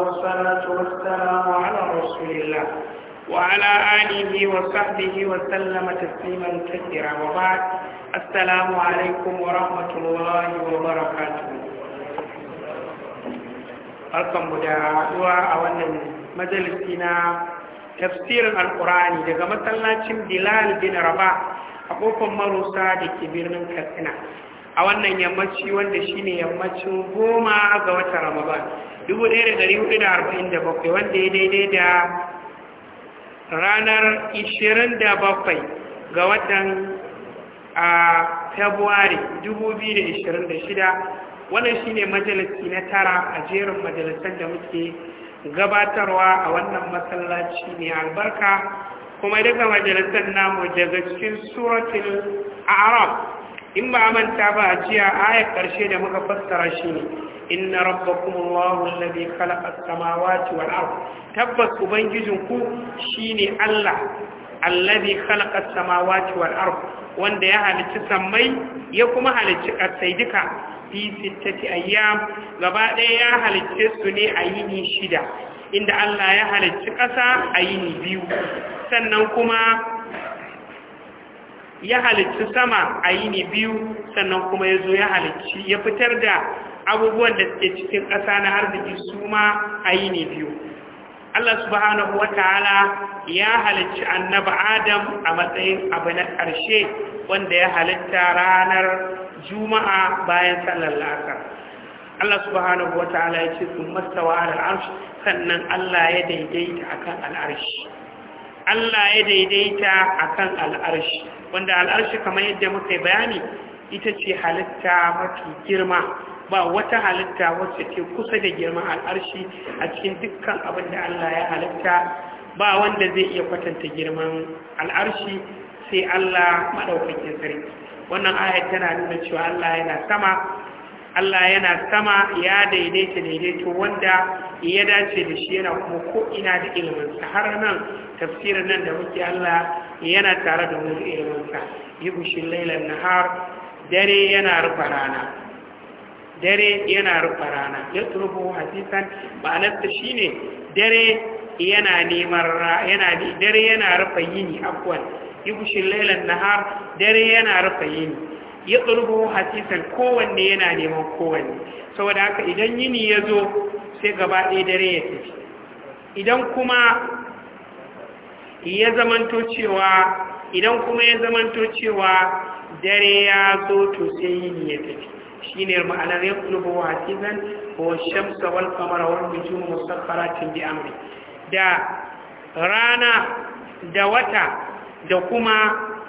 والصلاة والسلام على رسول الله وعلى آله وصحبه وسلم تسليما كثيرا وبعد السلام عليكم ورحمة الله وبركاته Alkan mu da haɗuwa a wannan majalisi na tafsirin Alƙur'ani daga masallacin Bilal bin Rabah a kofar marusa da ke birnin Katsina. a wannan yammaci wanda shi ne yammacin goma ga watan ramadan 1447 wanda ya daidai da ranar 27 ga watan a february 2026 wannan ne majalisi na tara a jerin majalisar da muke gabatarwa a wannan masallaci mai albarka kuma daga majalisar namu daga cikin suratul arab in ba a manta ba a jiya ayar ƙarshe da muka fassara shi ne inna rabbakum Allahu alladhi khalaqa as-samawati wal ard tabbas ubangijinku shine Allah alladhi khalaqa as-samawati wal ard wanda ya halicci sammai ya kuma halicci ƙasai duka fi sittati ayyam gaba ɗaya ya halicce su ne a yini shida inda Allah ya halicci ƙasa a yini biyu sannan kuma ya halicci sama a yini biyu sannan kuma ya zo ya halicci ya fitar da abubuwan da suke cikin ƙasa na arziki su ma a yini biyu Allah subhanahu wa ta'ala ya halicci annaba Adam a matsayin abu na ƙarshe wanda ya halitta ranar juma'a bayan sallar la'asar Allah subhanahu wa ta'ala ya ce sun mastawa al'arshi sannan Allah ya daidaita akan al'arshi Allah ya daidaita akan al'arshi wanda al'arshi kamar yadda muka yi bayani ita ce halitta mafi girma ba wata halitta wacce ke kusa da girman al'arshi a cikin dukkan abin da Allah ya halitta ba wanda zai iya kwatanta girman al'arshi sai Allah maɗaukakin sarki wannan ayat tana nuna cewa Allah yana sama Allah yana sama ya daidaita daidaito wanda ya dace da shi yana kuma ko'ina da iliminsa har nan tafsirin nan da muke Allah yana tare da mu iliminsa yi gushin lailan nahar dare yana rufa rana dare yana rufa rana ya turbo hadisan shi shine dare yana neman yana dare yana rufa yini afwan yi gushin lailan nahar dare yana rufa yini ya tsurbu hasisan kowanne yana neman kowanne saboda haka idan yini ya zo sai gaba ɗaya dare ya tafi idan kuma ya zamanto cewa idan kuma ya zamanto cewa dare ya zo to sai yini ya tafi shi ne ma'anar ya tsurbu hasisan ko shamsa wal wani wal bijimu musaffaratin bi amri da rana da wata da kuma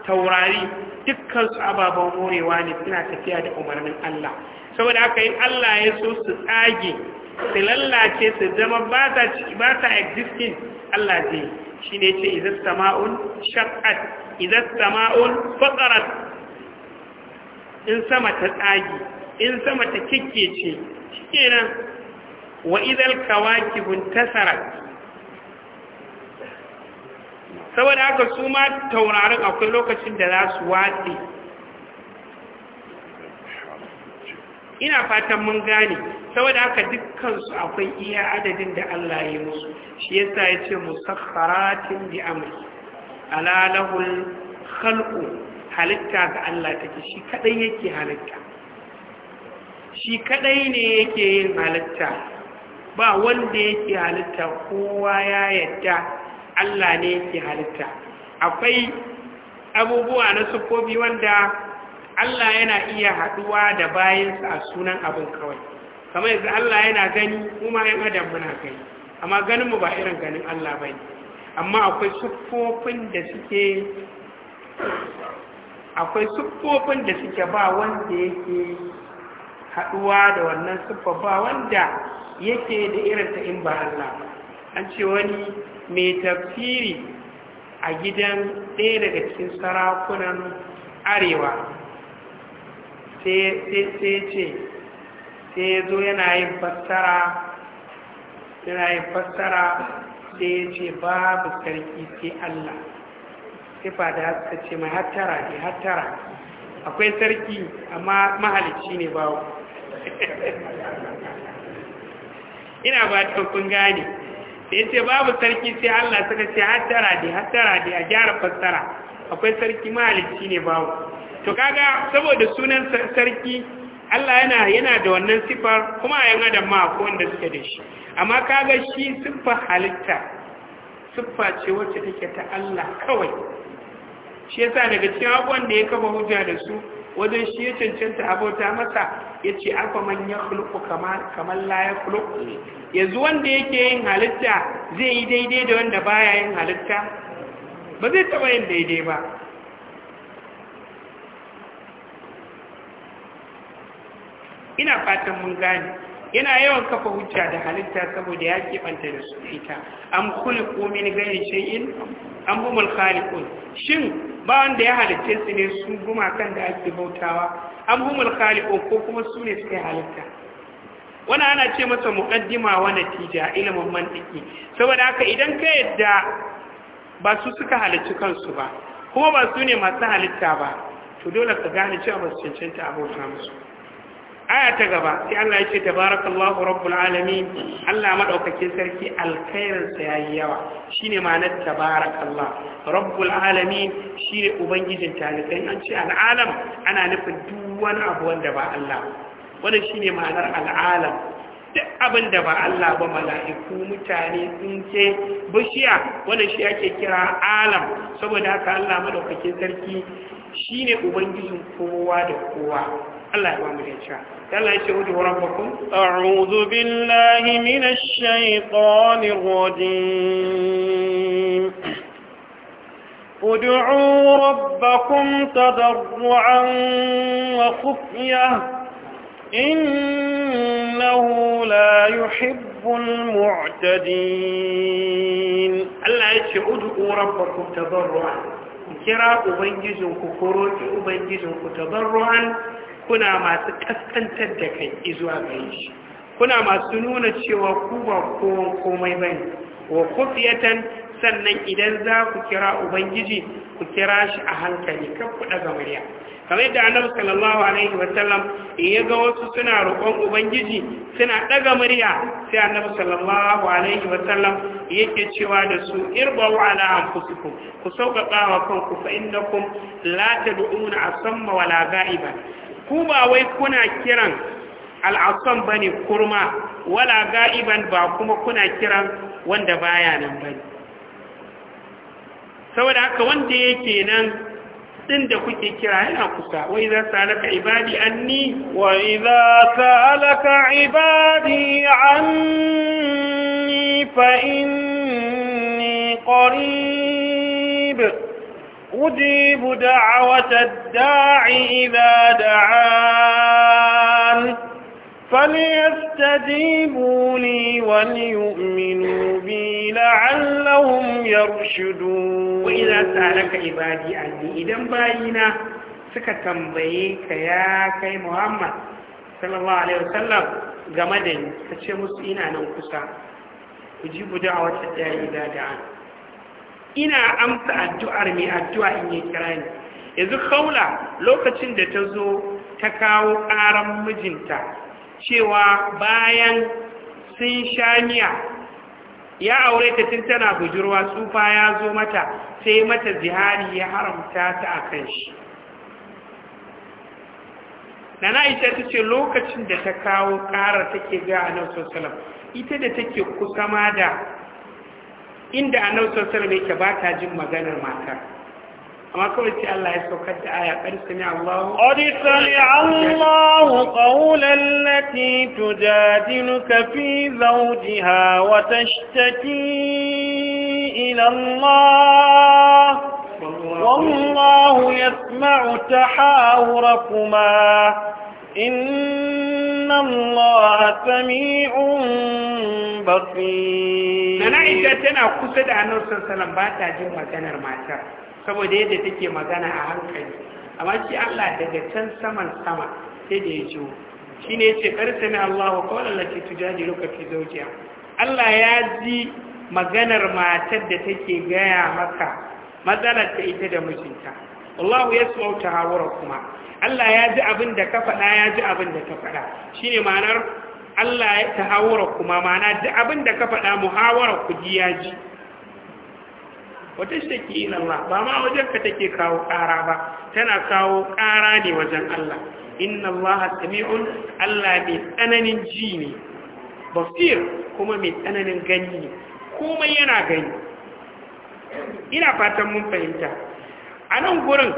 taurari dukkan su ababen morewa ne suna tafiya da umarnin Allah saboda aka yi Allah ya so su tsage su lallace su zama ba ta existing Allah zai shi ne ce izar sama'un shakat izar sama'un fatsarat in sama ta tsage in sama ta ce shi kenan wa izar kawakibun tasarat saboda haka su ma taurarin akwai lokacin da za su watsi ina fatan mun gane saboda haka dukkansu akwai iya adadin da Allah ya musu shi yasa ya ce musakharatin bi amri ala lahul khalqu halitta ga Allah take shi kadai yake halitta shi kadai ne yake yin halitta ba wanda yake halitta kowa ya yadda Allah ne yake halitta akwai abubuwa na sufofi wanda Allah yana iya haduwa da bayansa a sunan abin kawai kamar yanzu Allah yana gani kuma yan adam muna gani amma ganin mu ba irin ganin Allah bane amma akwai sufofin da suke akwai siffofin da suke ba wanda yake haduwa da wannan siffa ba wanda yake da irinta in ba Allah an ce wani mai tafsiri a gidan ɗaya daga cikin sarakunan arewa sai ce sai zo yana yin fassara sai ya ce babu sarki sai Allah sifa da haska ce mai hattara ne hattara akwai sarki amma mahalicci ne bawo ina ba ta kun gane ce babu sarki sai Allah suka ce hattara dai hattara dai a gyara fassara akwai sarki mahalicci ne babu to kaga saboda sunan sarki Allah yana yana da wannan sifar kuma a yan adam ma ko wanda suke da shi amma kaga shi siffa halitta siffa ce wacce take ta Allah kawai shi yasa daga cikin abubuwan da ya kafa hujja da su wajen shi ya cancanta abota masa ya ce afa man ya kulku kamar la kulku yanzu wanda yake yin halitta zai yi daidai da wanda baya yin halitta ba zai taba yin daidai ba ina fatan mun gane yana yawan kafa hujja da halitta saboda ya keɓanta da su ita am khuliqu min gani shay'in An humul khaliqun shin ba wanda ya halitta su ne su kan da ake bautawa An humul khaliqun ko kuma su ne suka halitta wani ana ce masa muqaddima wa natija ilimin mantiki saboda haka idan ka yadda ba su suka halicci kansu ba kuma ba su ne masu halitta ba to dole ka gane cewa ba su cancanta abota musu aya ta gaba sai Allah ya ce tabarakallahu rabbul alamin Allah madaukakin sarki alkhairin sa yayi yawa shine ma'anar tabarakallah rabbul alamin shine ubangijin talibai an ce al'alam ana nufin duk wani abu wanda ba Allah wannan shine ma'anar al'alam duk abin da ba Allah ba mala'iku mutane tsinke bishiya wannan shi ake kira alam saboda haka Allah madaukakin sarki shine ubangijin kowa da kowa Allah ya ba mu da كلا يشهده ربكم أعوذ بالله من الشيطان الرجيم ادعوا ربكم تضرعا وخفية إنه لا يحب المعتدين ألا ادعوا ربكم تضرعا كرا أبنجزوا كفروا أبنجزوا تضرعا kuna masu kaskantar da kai izuwa gare shi kuna masu nuna cewa ku ba kowan komai bane wa kufiyatan sannan idan za ku kira ubangiji ku kira shi a hankali kan ku daga murya kamar yadda annabi sallallahu alaihi wa sallam ya ga wasu suna roƙon ubangiji suna daga murya sai annabi sallallahu alaihi wa sallam yake cewa da su irbau ala anfusikum ku sauƙaƙa wa kanku fa innakum la tad'una asamma wala ga'iba ku ba wai kuna kiran al'asan ba ne kurma wala ga'iban ba kuma kuna kiran wanda baya nan ba ne saboda haka wanda yake nan din da kuke kira yana kusa wai za su salaka ibadi ni? Wai za su salaka ibadi ni fa ni ƙorin أجيب دعوة الداع إذا دعان فليستجيبوا لي وليؤمنوا بي لعلهم يرشدون وإذا سألك عبادي عني إذا باينا suka tambaye ka ya kai Muhammad sallallahu alaihi game da ni ka ce musu ina nan kusa ku ji da ina amsa addu'ar mai addu'a in yi kira yanzu kaula lokacin da ta zo ta kawo ƙaran mijinta cewa bayan sun sha ya aure ta tun tana bujurwa tsufa ya zo mata sai mata zihari ya haramta ta a kan shi na na'isha ta ce lokacin da ta kawo ƙarar take ga a nan sosalam ita da take kusa ma da inda a nausar sarbe yake ba ta jin maganar mata. amma kawai ce Allah ya saukar da aya kan sami Allah qad sami Allah qawlan lati tujadiluka fi zawjiha wa tashtaki ila Allah إن الله سميع بصير أنا إذا تنا قصد عن النبي صلى الله عليه وسلم باتا جن مجانا saboda yadda take magana a hankali amma shi Allah daga can saman sama sai da ya shi ne ce ƙarsa na Allah wa kawai lalace ka fi zaujiya Allah ya ji maganar matar da take gaya maka matsalar ta ita da mijinta Allah ya sauta hawara kuma Allah ya ji abin da ka faɗa ya ji abin da ka faɗa shi ne ma'anar Allah ya ta hawara kuma ma'ana ji abin da ka faɗa muhawarar ku ji ya ji wata shaki yi nan ba ma wajen ka take kawo ƙara ba tana kawo ƙara ne wajen Allah inna Allah sami'un Allah mai tsananin ji ne basir kuma mai tsananin gani ne komai yana gani ina fatan mun fahimta a nan gurin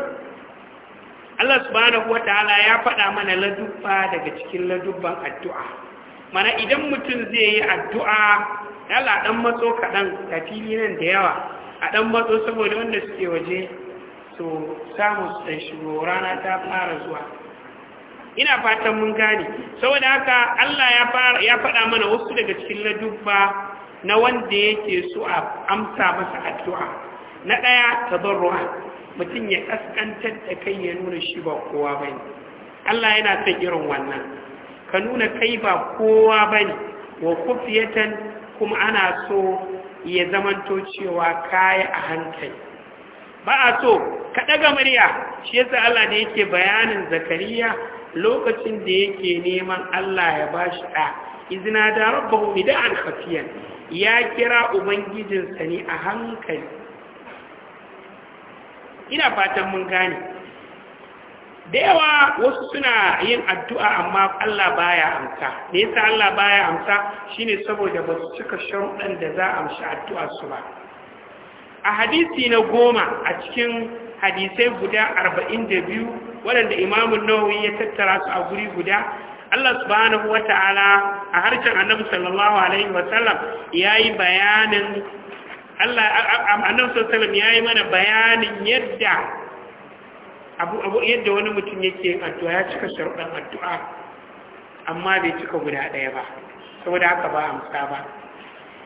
Allah subhanahu ta'ala ya faɗa mana ladubba daga cikin ladubban addu'a mana idan mutum zai yi addu'a yala ɗan matso kaɗan fili nan da yawa a dan matso saboda wanda suke waje so samu su shigo rana ta fara zuwa ina fatan mun gane saboda haka Allah ya faɗa mana wasu daga cikin ladubba na wanda yake su a amsa masa addu'a na ɗaya tabarru'a mutum ya kaskantar da kai ya nuna shi ba kowa ba ne Allah yana son irin wannan ka nuna kai ba kowa ba ne wa kufiyatan kuma ana so ya zamanto cewa kaya a hankali ba a so ka ɗaga murya shi yasa Allah da yake bayanin zakariya lokacin da yake neman Allah ya ba shi ɗa izina da hu idan an kafiyan ya kira ubangijinsa ne a hankali ina fatan mun gane da yawa wasu suna yin addu'a amma Allah baya amsa da yasa Allah baya amsa shine saboda ba su cika sharuɗan da za a amshi addu'a su ba a hadisi na goma a cikin hadisai guda arba'in da biyu waɗanda imamun nawawi ya tattara su a guri guda Allah subhanahu wa ta'ala a harshen annabi sallallahu alaihi wasallam ya yi bayanin Allah annabi sallallahu ya yi mana bayanin yadda abu abu yadda wani mutum yake yin addu'a ya cika sharuɗan addu'a amma bai cika guda ɗaya ba saboda haka ba amsa ba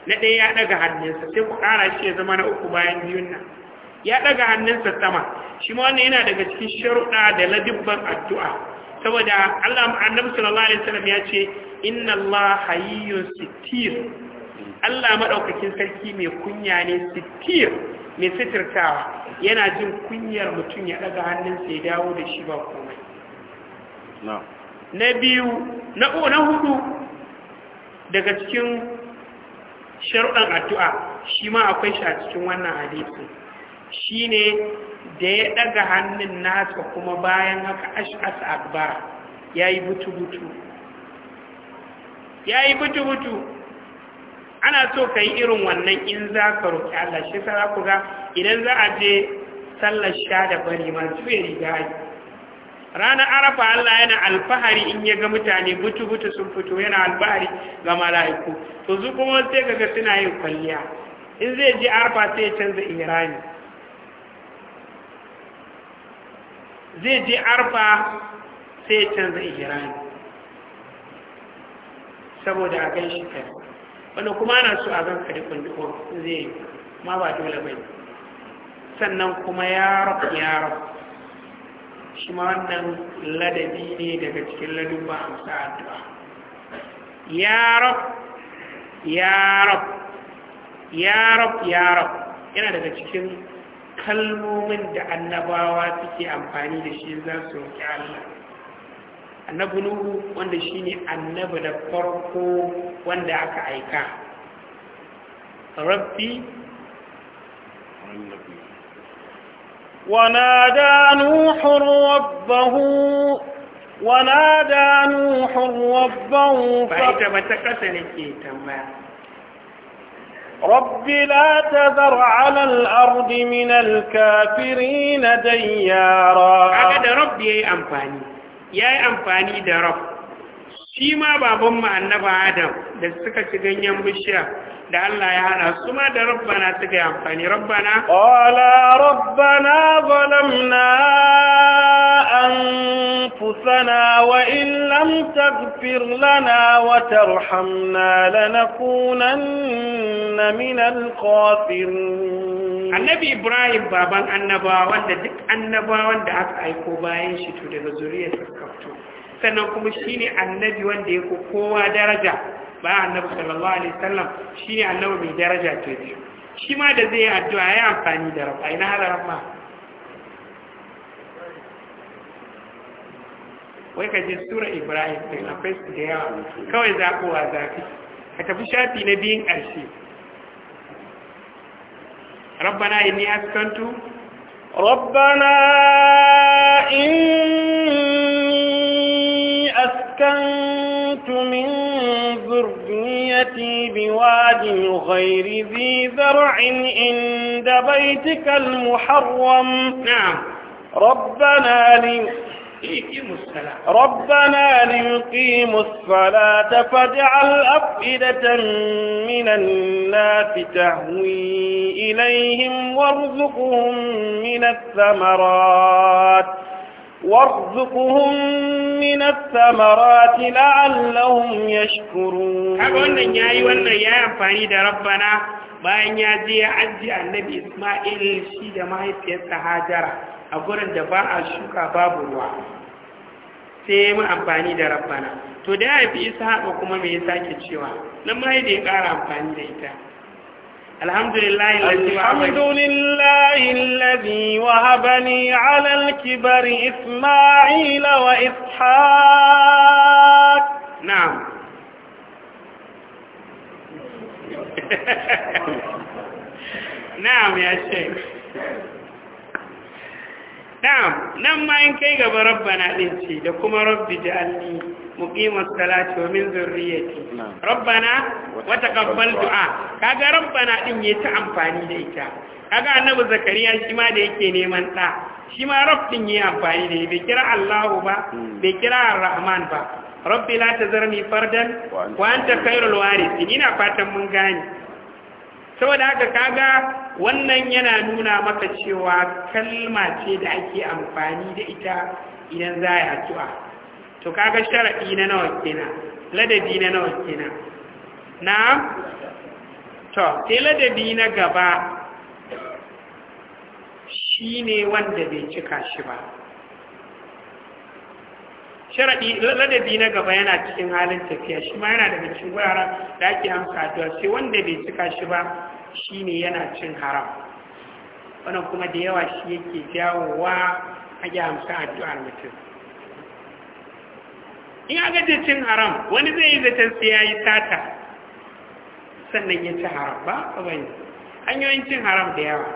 na ɗaya ya ɗaga hannunsa sai ku ƙara shi ya zama na uku bayan biyun nan ya ɗaga hannunsa sama shi ma wannan yana daga cikin sharuɗa da ladibban addu'a saboda Allah annabi sallallahu alaihi wasallam ya ce inna Allah hayyun sitir. Allah maɗaukakin sarki mai kunya ne sitir mai sitirtawa yana jin kunyar mutum ya ɗaga hannun ya dawo da shi ba komai na biyu na hudu daga cikin shar'an addu'a shi ma akwai shi a cikin wannan hadisi shi ne da ya ɗaga hannun nasa kuma bayan haka ash'asa akbar ya yi butu-butu ya butu-butu ana so ka yi irin wannan in za ka roƙi Allah shi sa za ku ga idan za a je sallar sha da bari ma yi riga ranar arafa Allah yana alfahari in ya ga mutane butu-butu sun fito yana alfahari ga mala'iku to su kuma sai kaga suna yin kwalliya in zai je arafa sai ya canza irani zai je arafa sai ya canza irani saboda a gan shi kai Wani kuma ana so a ganka da kundukon zai ma ba dole bai sannan kuma ya rabu ya rabu shi ma wannan ladabi ne daga cikin ladubba amsa addu'a ya rabu ya rabu ya rabu ya rabu yana daga cikin kalmomin da annabawa suke amfani da shi za su roƙi Allah annabi nuhu wanda shine annabi da farko wanda aka aika rabbi ونادى نوح ربه ونادى نوح ربه رب لا تذر على الأرض من الكافرين ديارا هذا ربي أنفاني ya yi amfani da rab shi ma babanmu annaba adam da suka ci ganyen bishiya da Allah ya hada su ma da rabbana suka yi amfani rabbana qala rabbana zalamna fusana wa in lam lana wa tarhamna lanakunanna minal khasirin annabi ibrahim baban annabawa wanda duk annabawan da aka aiko bayan shi to daga zuriyar kafto sannan kuma shine annabi wanda ya ko kowa daraja bayan annabi sallallahu alaihi wasallam shine annabi mai daraja ta biyu shi ma da zai yi addu'a ya amfani da rabba ina har rabba wai ka je sura ibrahim din akwai su da yawa kawai zakowa zafi ka tafi shafi na biyun ƙarshe ربنا إني أسكنت ربنا إني أسكنت من ذريتي بواد غير ذي زرع عند بيتك المحرم نعم ربنا لي ربنا ليقيموا الصلاة فاجعل أفئدة من الناس تهوي إليهم وارزقهم من الثمرات وارزقهم من الثمرات لعلهم يشكرون أقول يا أيها يا ربنا bayan ya je ya ajiye annabi Ismail shi da mahaifiyarsa Hajara a gurin da ba sai ya yi amfani da rabbana to da ya isa ishaqa kuma mai yasa sake cewa nan ma da ya ƙara amfani da ita الحمد لله الذي وهبني على الكبر إسماعيل نعم نعم يا شيخ na'am nan ma in kai gaba rabbana din ce da kuma rabbi ja'alni muqimas salati wa min zurriyyati rabbana wa taqabbal du'a kaga rabbana din yayi ta amfani da ita kaga annabi zakariya shi ma da yake neman ɗa shi ma rabbin yi amfani da bai kira allahu ba hmm. bai kira ar-rahman ba rabbi la tazarni fardan wa anta khairul warithin ina fatan mun gane saboda haka kaga wannan yana nuna maka cewa kalma ce da ake amfani da ita idan za a yi addu'a to kaga sharaɗi na nawa kenan ladabi na nawa kenan na to sai ladabi na gaba shi ne wanda bai cika shi ba sharaɗi ladabi na gaba yana cikin halin tafiya shi ma yana daga cikin wuraren da ake hanka da sai wanda bai cika shi ba shine yana cin haram wannan kuma da yawa shi yake jawowa ake amsa addu'ar mutum in aka ce cin haram wani zai yi zaton sai ya yi sata sannan ya ci haram ba ba ne hanyoyin cin haram da yawa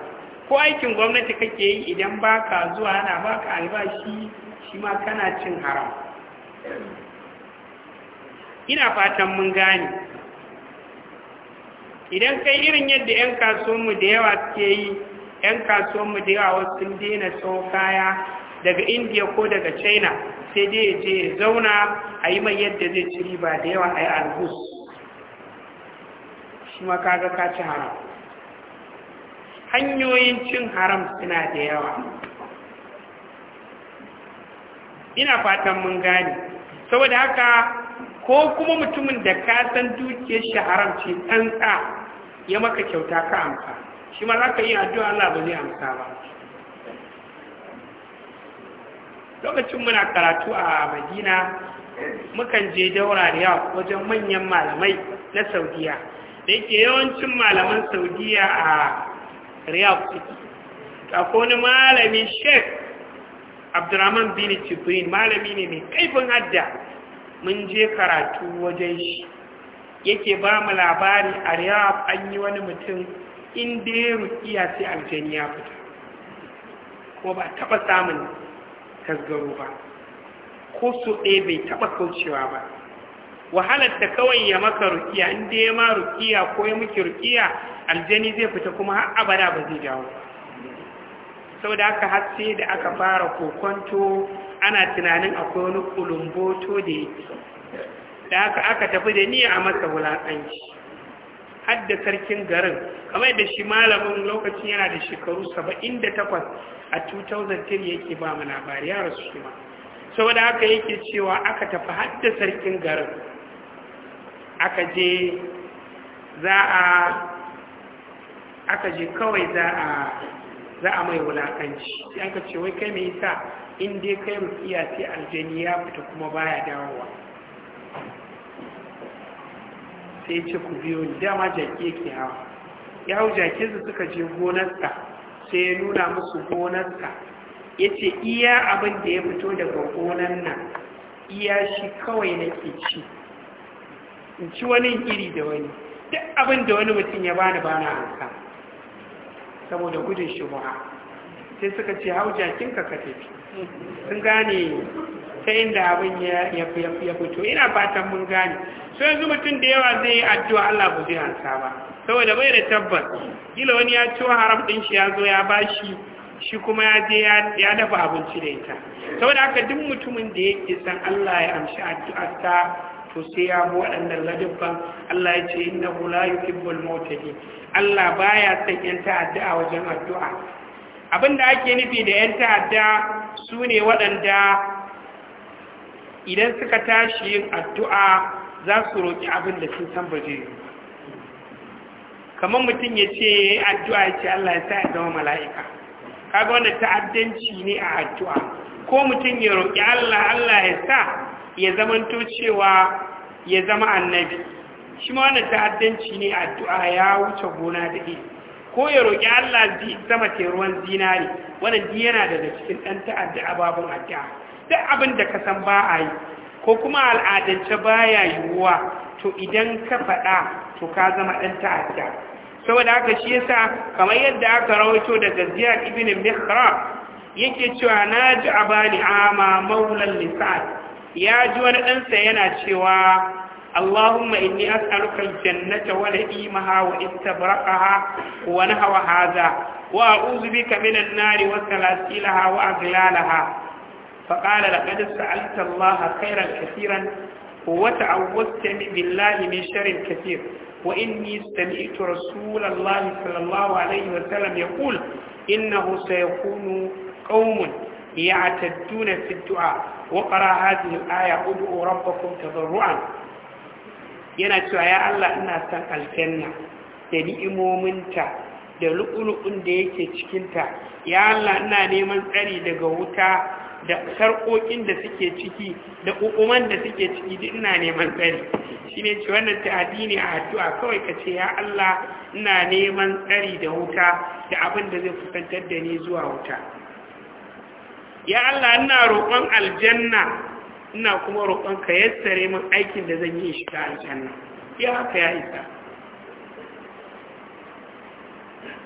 ko aikin gwamnati kake yi idan baka zuwa ana baka albashi shi ma kana cin haram ina fatan mun gane idan kai irin yadda 'yan kasuwanmu da yawa suke yi 'yan kasuwanmu da yawa wasu sun daina sau kaya daga India ko daga china sai dai ya je ya zauna a yi mai yadda zai ci riba da yawa a yi albus shi ma kaga kaci haram hanyoyin cin haram suna da yawa ina fatan mun gane saboda haka ko kuma mutumin da ka san dukiyar shi haram ce ya maka kyauta ka amsa shi ma za ka yi addu'a Allah ba zai amsa ba lokacin muna karatu a madina mukan je daura da yawa wajen manyan malamai na saudiya da yake yawancin malaman saudiya a riyadh city akwai wani malami sheikh abdurrahman bin cikin malami ne mai kaifin hadda mun je karatu wajen shi yake ba mu labari a riyab an yi wani mutum inda ya rukiya sai aljani ya fita kuma ba taɓa samun tasgaro ba ko su ɗaya bai taɓa kaucewa ba wahalar da kawai ya maka rukiya inda ya ma rukiya ko ya muke rukiya aljani zai fita kuma har abada ba zai dawo ba saboda haka har sai da aka fara kokonto ana tunanin akwai wani kulumboto da yake da haka aka tafi da niyya a masa wulaƙanci har da sarkin garin kamar da shi malamin lokacin yana da shekaru 78 a 2010 yake ba mu labari ya rasu shi ma saboda haka yake cewa aka tafi har da sarkin garin aka je za a aka je kawai za a za a mai wulakanci Ya an ka ce wai kai mai sa in dai kai rukiya sai aljani ya fita kuma baya dawowa sai ce ku biyo dama jaki yake hawa ya hau su suka je gonarsa sai ya nuna musu gonarsa ya ce iya abin da ya fito daga gonar nan iya shi kawai nake ci in ci wani iri da wani duk abin da wani mutum ya bani bana hankali saboda gudun shubuha sai suka ce hau jakin ka tafi sun gane ta inda abin ya fito ina fatan mun gane so yanzu mutum da yawa zai yi addu'a Allah ba zai hansa ba saboda bai da tabbas gila wani ya ciwo haram ɗin shi ya zo ya bashi shi kuma ya je ya dafa abinci da ita saboda haka duk mutumin da ya ke san Allah ya amshi addu'a ta to sai ya bu waɗannan ladabban Allah ya ce inna la yuhibbul mawtadi Allah baya son yan ta'adda a wajen addu'a Abin da ake nufi da yan ta'adda su ne waɗanda idan suka tashi yin addu'a za su roƙi abin da sun san baje kamar mutum ya ce addu'a ya ce Allah ya sa ya zama mala'ika kaga wanda ta'addanci ne a addu'a ko mutum ya roƙi Allah Allah ya sa ya zamanto cewa ya zama annabi shi ma wannan ta'addanci ne a addu'a ya wuce gona da iri ko ya roƙi Allah zai sama ke ruwan zinari wannan duk yana daga cikin ɗan ta'adda ababun addu'a duk abin da ka san ba a yi ko kuma al'adance baya yiwuwa to idan ka faɗa to ka zama ɗan ta'adda saboda haka shi yasa kamar yadda aka rawaito daga Ziyad ibn Mihrab yake cewa naji abani ama maulan lisan ya ji wani ɗansa yana cewa اللهم إني أسألك الجنة ولئيمها واستبرقها ونهو هذا وأعوذ بك من النار وسلاسلها وأغلالها فقال لقد سألت الله خيرا كثيرا وتعوذتني بالله من شر كثير وإني سمعت رسول الله صلى الله عليه وسلم يقول إنه سيكون قوم يعتدون في الدعاء وقرأ هذه الآية ادعوا ربكم تضرعا yana cewa ya Allah ina san aljanna da ni'imominta da lu'ulu'un da yake cikinta ya Allah ina neman tsari daga wuta da sarƙoƙin da suke ciki da ƙuƙuman da suke ciki duk ina neman tsari shi ne ce wannan ta ne a addu'a kawai ka ce ya Allah ina neman tsari da wuta da abin da zai kusantar da ni zuwa wuta ya Allah ina roƙon aljanna ina kuma roƙon ka yassare min aikin da zan yi shiga aljanna ya haka ya isa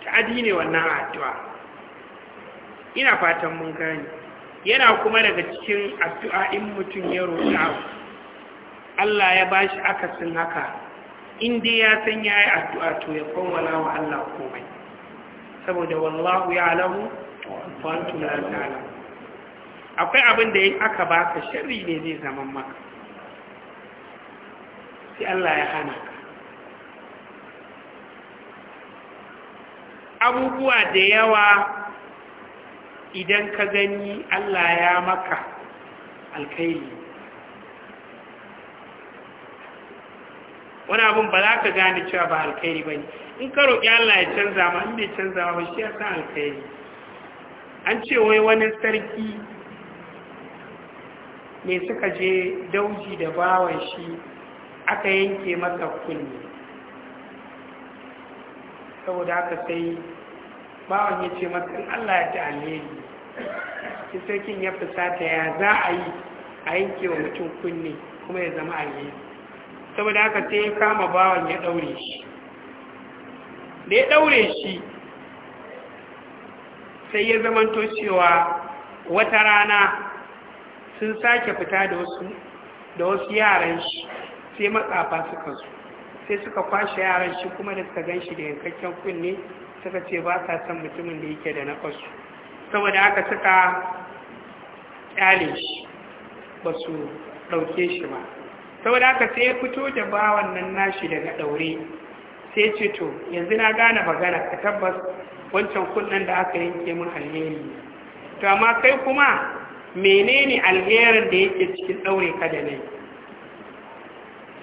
ta'adi ne wannan addu'a ina fatan mun gani. yana kuma daga cikin addu'a in mutum ya roƙa Allah ya bashi akasin haka in dai ya san ya yi addu'a to ya kawwala wa Allah komai saboda wallahu ya'lamu wa antum la ta'lamun akwai abin da yin aka baka sharri ne zai zaman maka sai Allah ya hana ka abubuwa da yawa idan ka gani Allah ya maka alkaili wani abin ba za ka gane cewa ba alkaili ba ne in ka roƙi Allah ya canza ma in ya canza ma ba shi ya san alkaili an ce wai wani sarki ne suka je dauji da bawan shi aka yanke masa kunne saboda haka sai bawan ya ce masa Allah ya ta alheri shi sarkin ya fusata ya za a yi a yanke wa mutum kunne kuma ya zama alheri saboda haka sai ya kama bawan ya daure shi da ya daure shi sai ya zamanto cewa wata rana sun sake fita da wasu da wasu yaran shi sai matsafa suka zo sai suka kwashe yaran shi kuma da suka gan shi da yankakken kunne suka ce ba sa son mutumin da yake da na kwasu saboda aka suka ƙyale shi ba su ɗauke shi ba saboda aka sai ya fito da bawan nan nashi daga ɗaure sai ce to yanzu na gane magana ka tabbas wancan kunnen da aka yanke mun alheri to amma kai kuma menene alherin da yake cikin daure ka da nai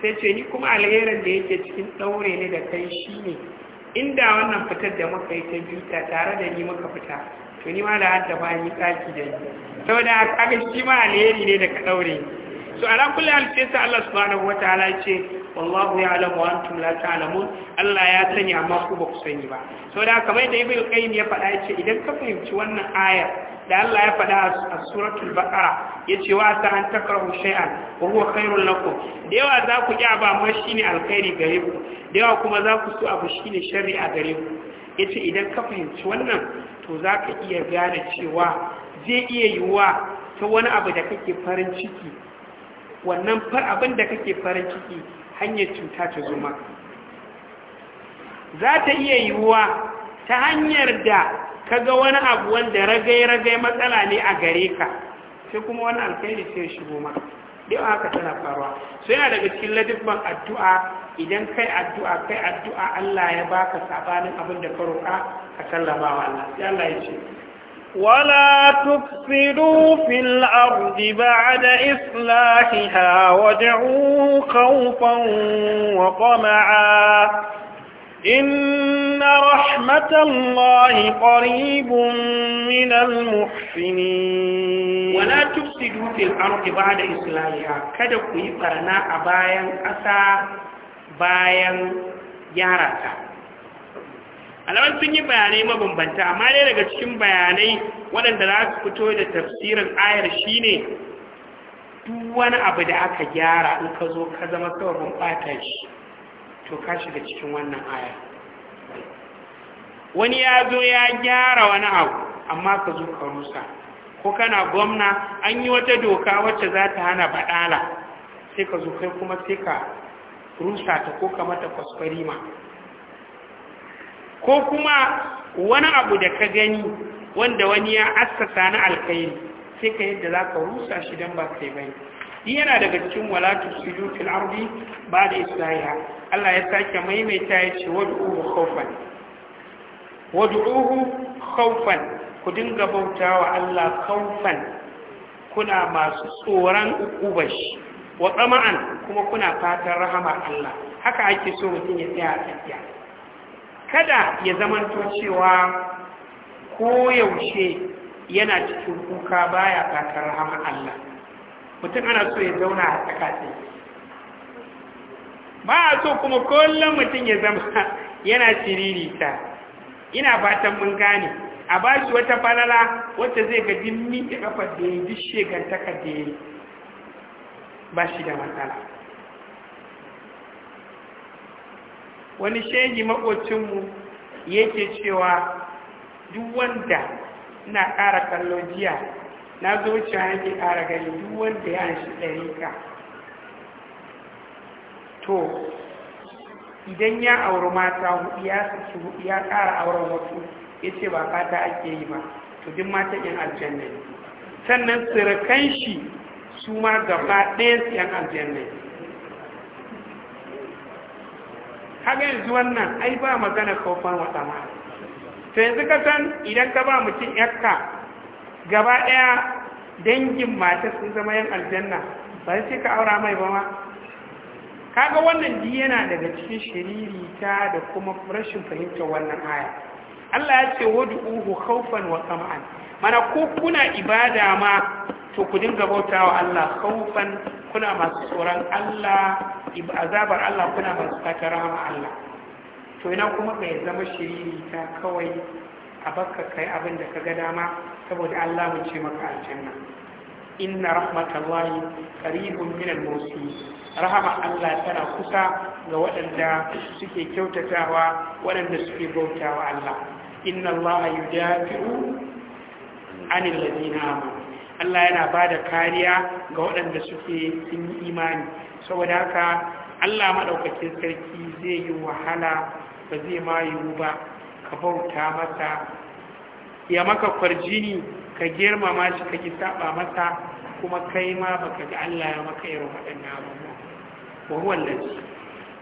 sai ce ni kuma alherin da yake cikin daure ne da kai shine inda wannan fitar da muka yi ta biyu tare da ni muka fita to ni ma da hadda ba yi kaki da ni saboda ga shi ma alheri ne da ka daure so ala kulli hal sai Allah subhanahu wataala ce wallahu alamu wa antum la ta'lamun Allah ya sani amma ku ba ku sani ba saboda kamar da Ibnu Qayyim ya faɗa yace idan ka fahimci wannan ayar da Allah ya faɗa a suratul baqara yace wa ta an takrahu shay'an wa huwa khairul lakum da yawa za ku ki ba ma shine alkhairi gare ku da yawa kuma za ku so abu shine sharri a gare ku yace idan ka fahimci wannan to za ka iya gane cewa zai iya yiwuwa ta wani abu da kake farin ciki wannan far abin da kake farin ciki hanyar cuta ta zo maka za ta iya yiwuwa ta hanyar da ka ga wani abu wanda ragai-ragai matsala ne a gare ka sai kuma wani alkhairi sai shigo maka yau haka tana faruwa so yana daga cikin ladibban addu'a idan kai addu'a kai addu'a Allah ya baka sabanin abin da ka roƙa ka sallama wa Allah sai Allah ya ce ولا تفسدوا في الأرض بعد إصلاحها وادعوا خوفا وطمعا إن رحمة الله قريب من المحسنين ولا تفسدوا في الأرض بعد إصلاحها kada ku yi barna a bayan ƙasa Alawar sun yi bayanai mabambanta amma dai daga cikin bayanai waɗanda za su fito da tafsirin ayar shine duk wani abu da aka gyara in ka zo ka zama sababin ɓata shi to ka shiga cikin wannan ayar wani ya zo ya gyara wani abu amma ka zo ka rusa ko kana gwamna an yi wata doka wacce za ta hana baɗala sai ka zo kai kuma sai ka rusa ta ko ka mata kwaskwarima ko kuma wani abu da ka gani wanda wani ya assasa na alkhairi sai ka yadda za ka rusa shi don ba sai bai yana daga cikin walatu sujudu fil ba da isra'iya Allah ya sake maimaita ya ce wad'uhu khawfan ku dinga bauta wa Allah khawfan kuna masu tsoron ukubashi wa tsama'an kuma kuna fatan rahama Allah haka ake so mutum ya tsaya a tsakiya kada ya zamanto cewa koyaushe yana cikin kuka baya kakar rahama Allah mutum ana so ya zauna a tsakati ba a so kuma kullum mutum ya zama yana siririta ina fatan mun gane a ba shi wata falala wacce zai ga dimmi da kafa da ya yi duk da ya ba shi da matsala wani shehi makocinmu yake cewa duk wanda na ƙara kallo jiya na zo cewa yake ƙara gani duk wanda ya shi ɗari ka to idan ya auri mata hudu ya saki hudu ya ƙara auren wasu ya ce ba fata ake yi ba to duk mata yan aljannai sannan surukan shi su ma gaba ɗaya su yan aljannai kaga yanzu wannan ai ba magana kofar wata ma to yanzu ka san idan ka ba mutum yakka gaba ɗaya dangin mata sun zama yan aljanna ba sai ka aura mai ba ma kaga wannan ji yana daga cikin shiririta da kuma rashin fahimtar wannan aya Allah ya ce wad'uhu khaufan wa tama'an mana ko kuna ibada ma to ku dinga bautawa Allah khaufan kuna masu tsoron Allah azabar Allah kuna masu sake rahama Allah to ina kuma bai zama shiriri ta kawai a baka kai abin da ka ga dama saboda Allah mu ce maka aljanna inna rahmatallahi qaribun min al-musi rahama Allah tana kusa ga waɗanda suke kyautatawa waɗanda suke bautawa Allah inna Allah yudafi'u anil ladina amanu Allah yana bada kariya ga waɗanda suke sun imani saboda haka Allah madaukakin sarki zai yi wahala ba zai ma yiwu ba ka bauta masa ya maka kwarjini ka girmama shi ka ki saba masa kuma kai ma baka ga Allah ya maka irin waɗannan abubuwa wa huwa allazi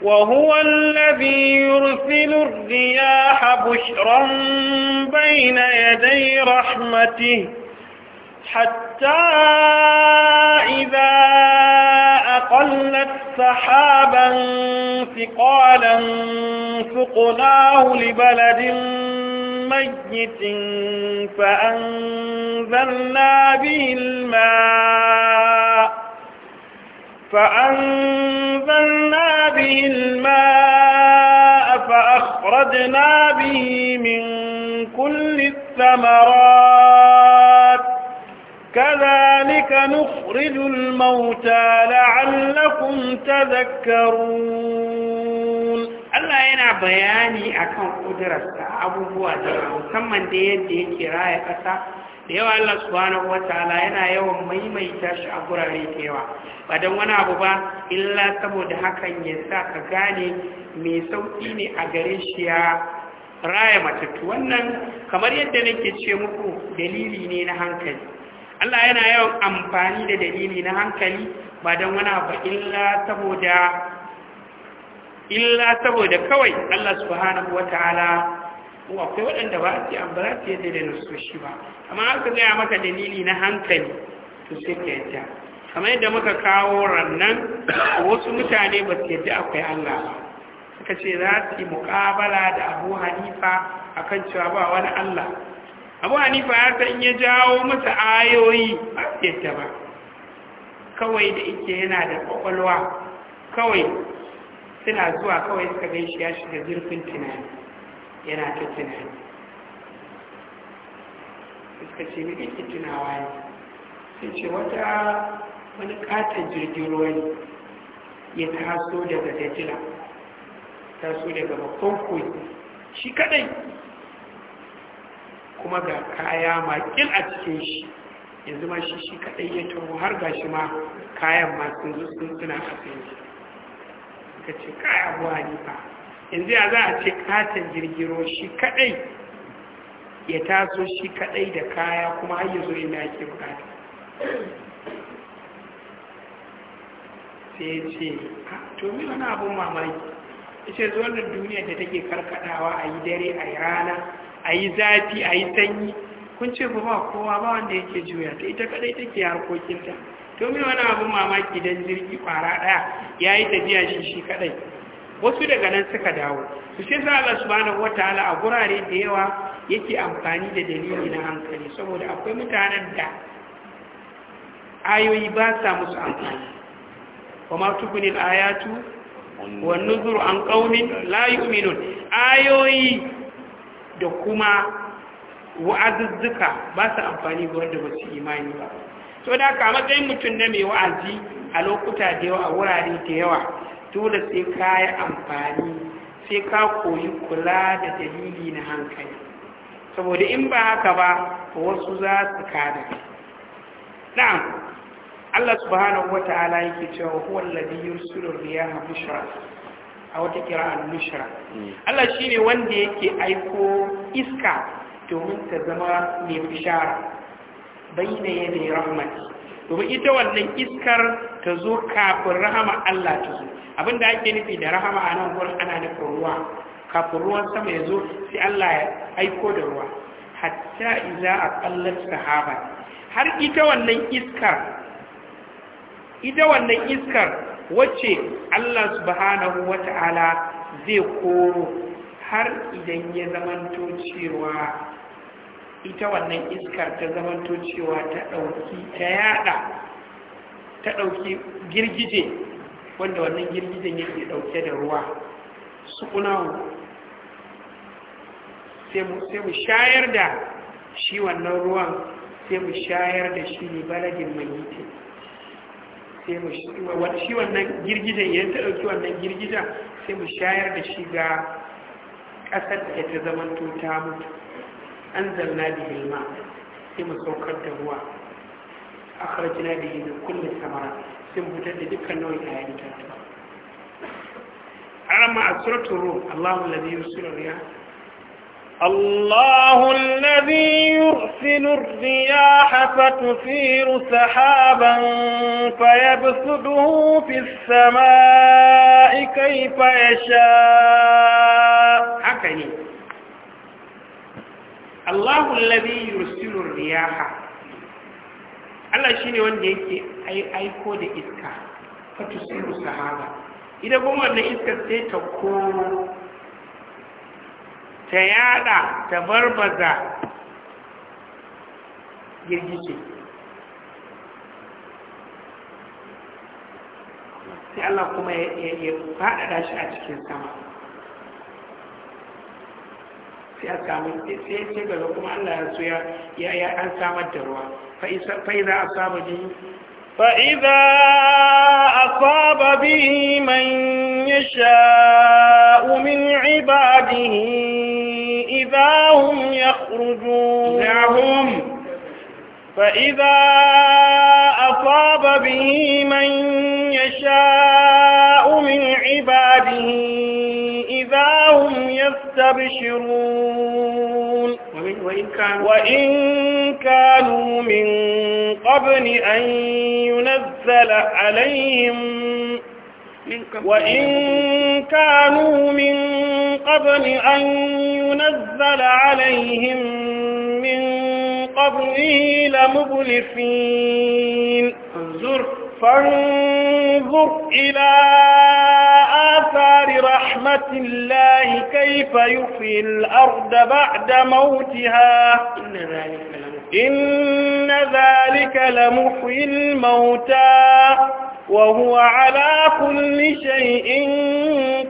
wa huwa allazi yursilu ar-riyaha bushran bayna yaday rahmatihi hatta idza أقلت سحابا ثقالا فقناه لبلد ميت فأنزلنا به الماء فأنزلنا به الماء فأخرجنا به من كل الثمرات كذلك نخرج الموتى لعلكم تذكرون Allah yana bayani akan kudurarsa abubuwa da musamman da yadda ya kira ya ƙasa da yawa Allah subhanahu wataala yana yawan maimaita shi a gurare da yawa ba don wani abu ba illa saboda hakan ya sa ka gane mai sauƙi ne a gare shi ya raya matattu wannan kamar yadda nake ce muku dalili ne na hankali Allah yana yawan amfani da dalili na hankali ba don wani abu illa saboda kawai Allah subhanahu wataala ko akwai waɗanda ba su ambara su yadda da nasu shi ba amma aka gaya maka dalili na hankali to sai ka yadda kamar yadda muka kawo rannan wasu mutane ba su yadda akwai Allah ba suka ce za su yi muƙabala da Abu Hanifa akan cewa ba wani Allah abu hanifa ya san ya jawo masa ayoyi ba yadda ba kawai da ike yana da kwakwalwa kawai suna zuwa kawai suka gan shi ya shiga zurfin tunani yana ta tunani suka ce mai kake tunawa ne sai ce wata wani katon jirgin ruwan ne ya taso daga dajila taso daga babban kogi shi kadai kuma ga kaya makil a cikin shi yanzu ma shi shi kaɗai ya tawo har ga shi ma kayan masu sun suna a sayi ka ce kaya buwa ne ba yanzu ya za a ce katon girgiro shi kaɗai ya taso shi kaɗai da kaya kuma har yanzu inda ke bukata sai ya ce to mi wani abun mamaki ya ce zuwa duniya da take karkadawa a yi dare a yi rana a yi zafi a yi sanyi kun ce ba ba kowa ba wanda yake juya ta ita kadai take harkokinta domin wani abin mamaki don jirgi kwara ɗaya ya yi tafiya shi shi kadai wasu daga nan suka dawo su ce za sa Allah subhanahu wataala a gurare da yawa yake amfani da dalili na hankali saboda akwai mutanen da ayoyi ba sa musu amfani kuma tukunin ayatu wannan zuru an ƙaunin la yu'minun ayoyi da kuma wa'azuzzuka ba su amfani ga da wasu imani ba so da ka matsayin mutum na mai wa'azi a lokuta da yawa a wurare da yawa dole sai ka yi amfani sai ka koyi kula da dalili na hankali saboda in ba haka ba wasu za su kada na'am Allah subhanahu wata'ala yake cewa huwa alladhi yursilu riyaha bushra a wata kira'an nushra hmm. Allah shine wanda yake aiko iska domin ta zama mai bishara bayyana yadda rahmati domin ita wannan iskar ta zo kafin rahama Allah ta zo abinda ake nufi da rahama a nan gurin ana nufin ruwa kafin ruwan sama ya zo sai Allah ya aiko da ruwa hatta iza kallar sahaba har ita wannan iskar ita wannan iskar wacce Allah subhanahu ta’ala zai koro har idan ya zamanto cewa ita wannan iskar ta zamanto cewa ta ɗauki ta yada ta ɗauki girgije wanda wannan girgijen yake ɗauke da ruwa su sukunahu sai mu shayar da shi wannan ruwan sai mu shayar da shi ne baladin mai sai mu shi wannan girgijen ya ta ɗauki wannan girgijen sai mu shayar da shi ga ƙasar da ta zamanto ta mutu an zanna da hilma sai mu saukar da ruwa a karjina da yi kullum samara sai mu fitar da dukkan nau'in yayin tattuwa arama a suratun rum allahu lalai yusurar الله الذي يرسل الرياح فتثير سحابا فيبسطه في السماء كيف يشاء هكذا الله الذي يرسل الرياح Allah shi ne wanda yake aiko da iska, fatu siru sahaba, idan kuma wannan iska sai ta koro ta yada ta barbaza girgice sai Allah kuma ya faɗaɗa shi a cikin sama sai a samu sai sai gaba kuma Allah ya so ya an samar da ruwa fa'iza a saba jini فإذا أصاب به من يشاء من عباده إذا هم يخرجون هم فإذا أصاب به من يشاء من عباده إذا هم يستبشرون وإن كانوا من قبل أن ينزل عليهم وإن كانوا من قبل أن ينزل عليهم من قبله لمبلفين انظر فانظر إلى آثار رحمة الله كيف يحيي الأرض بعد موتها إن ذلك لمحيي الموتى وهو على كل شيء